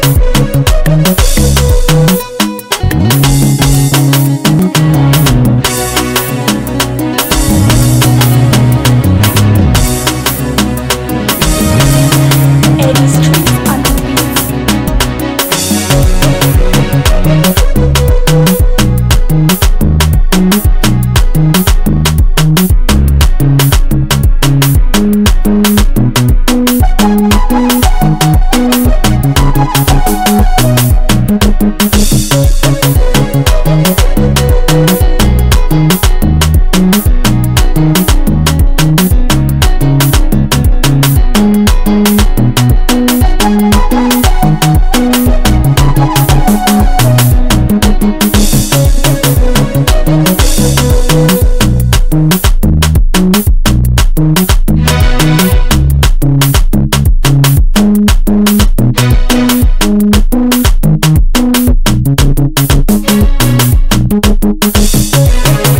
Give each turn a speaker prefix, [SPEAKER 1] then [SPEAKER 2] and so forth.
[SPEAKER 1] Thank Thank you.